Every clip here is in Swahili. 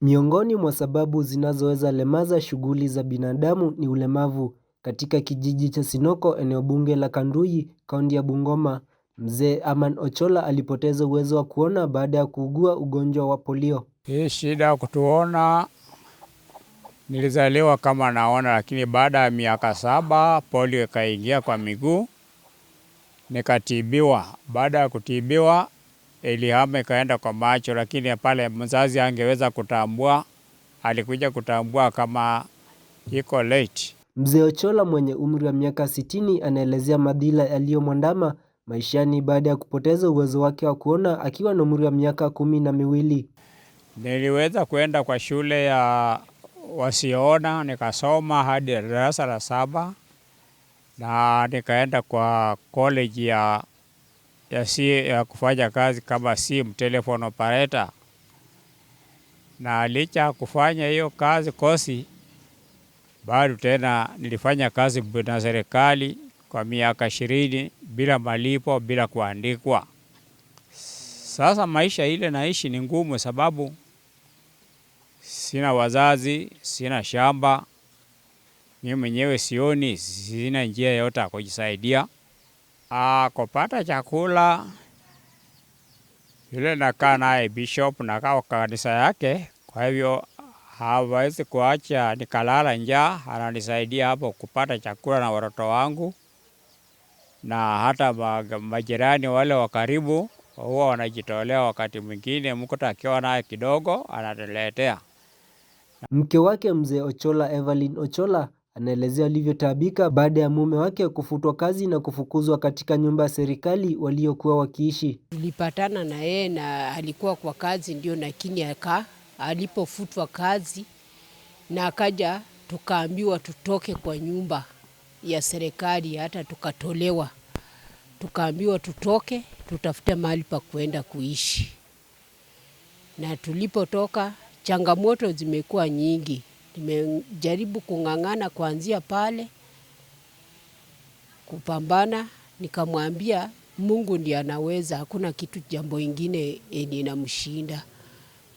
Miongoni mwa sababu zinazoweza lemaza shughuli za binadamu ni ulemavu. Katika kijiji cha Sinoko eneo bunge la Kanduyi, kaunti ya Bungoma, mzee Aman ochola alipoteza uwezo wa kuona baada ya kuugua ugonjwa wa polio. Hii shida ya kutuona, nilizaliwa kama naona, lakini baada ya miaka saba polio ikaingia kwa miguu, nikatibiwa. Baada ya kutibiwa ilihama ikaenda kwa macho, lakini pale mzazi angeweza kutambua, alikuja kutambua kama iko late. Mzee Ochola mwenye umri wa miaka sitini anaelezea madhila yaliyomwandama maishani baada ya kupoteza uwezo wake wa kuona akiwa na umri wa miaka kumi na miwili. Niliweza kuenda kwa shule ya wasioona nikasoma hadi darasa la saba na nikaenda kwa college ya ya, si, ya kufanya kazi kama simu telephone operator, na licha kufanya hiyo kazi kosi, bado tena nilifanya kazi na serikali kwa miaka ishirini bila malipo, bila kuandikwa. Sasa maisha ile naishi ni ngumu, sababu sina wazazi, sina shamba, mimi mwenyewe sioni, sina njia yoyote ya kujisaidia. Ah, kupata chakula yule nakaa naye bishop, nakaa kanisa yake, kwa hivyo hawezi kuacha nikalala njaa. Ananisaidia hapo kupata chakula na watoto wangu na hata majirani wale wa karibu huwa wanajitolea, wakati mwingine mkuta akiwa naye kidogo anatuletea. Mke wake mzee Ochola, Evelyn Ochola Anaelezea alivyotaabika baada ya mume wake kufutwa kazi na kufukuzwa katika nyumba ya serikali waliokuwa wakiishi. Tulipatana na yeye na alikuwa kwa kazi ndio, lakini aka alipofutwa kazi na akaja, tukaambiwa tutoke kwa nyumba ya serikali, hata tukatolewa, tukaambiwa tutoke tutafute mahali pa kuenda kuishi, na tulipotoka changamoto zimekuwa nyingi nimejaribu kung'ang'ana kuanzia pale kupambana, nikamwambia Mungu ndiye anaweza, hakuna kitu jambo ingine yenye eh, inamshinda.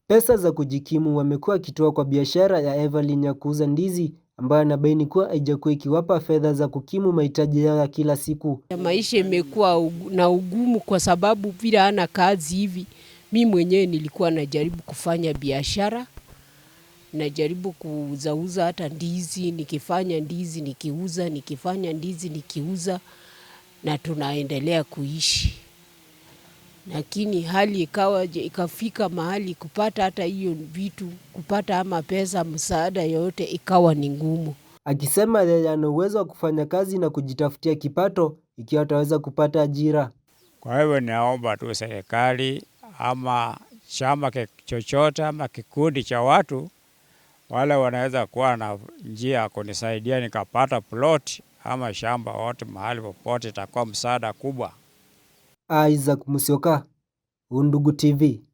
Pesa za kujikimu wamekuwa wakitoa kwa biashara ya Evelyn ya kuuza ndizi ambayo anabaini kuwa haijakuwa ikiwapa fedha za kukimu mahitaji yao ya kila siku. Maisha imekuwa na ugumu kwa sababu vile ana kazi hivi. Mi mwenyewe nilikuwa najaribu kufanya biashara najaribu kuuzauza hata ndizi, nikifanya ndizi nikiuza, nikifanya ndizi nikiuza, na tunaendelea kuishi. Lakini hali ikawa ikafika mahali kupata hata hiyo vitu, kupata ama pesa, msaada yoyote ikawa ni ngumu. Akisema yeye ana uwezo wa kufanya kazi na kujitafutia kipato ikiwa ataweza kupata ajira. Kwa hivyo naomba tu serikali ama chama chochote ama kikundi cha watu wale wanaweza kuwa na njia ya kunisaidia nikapata ploti ama shamba wote mahali popote, itakuwa msaada kubwa. Isaac Musioka, Undugu TV.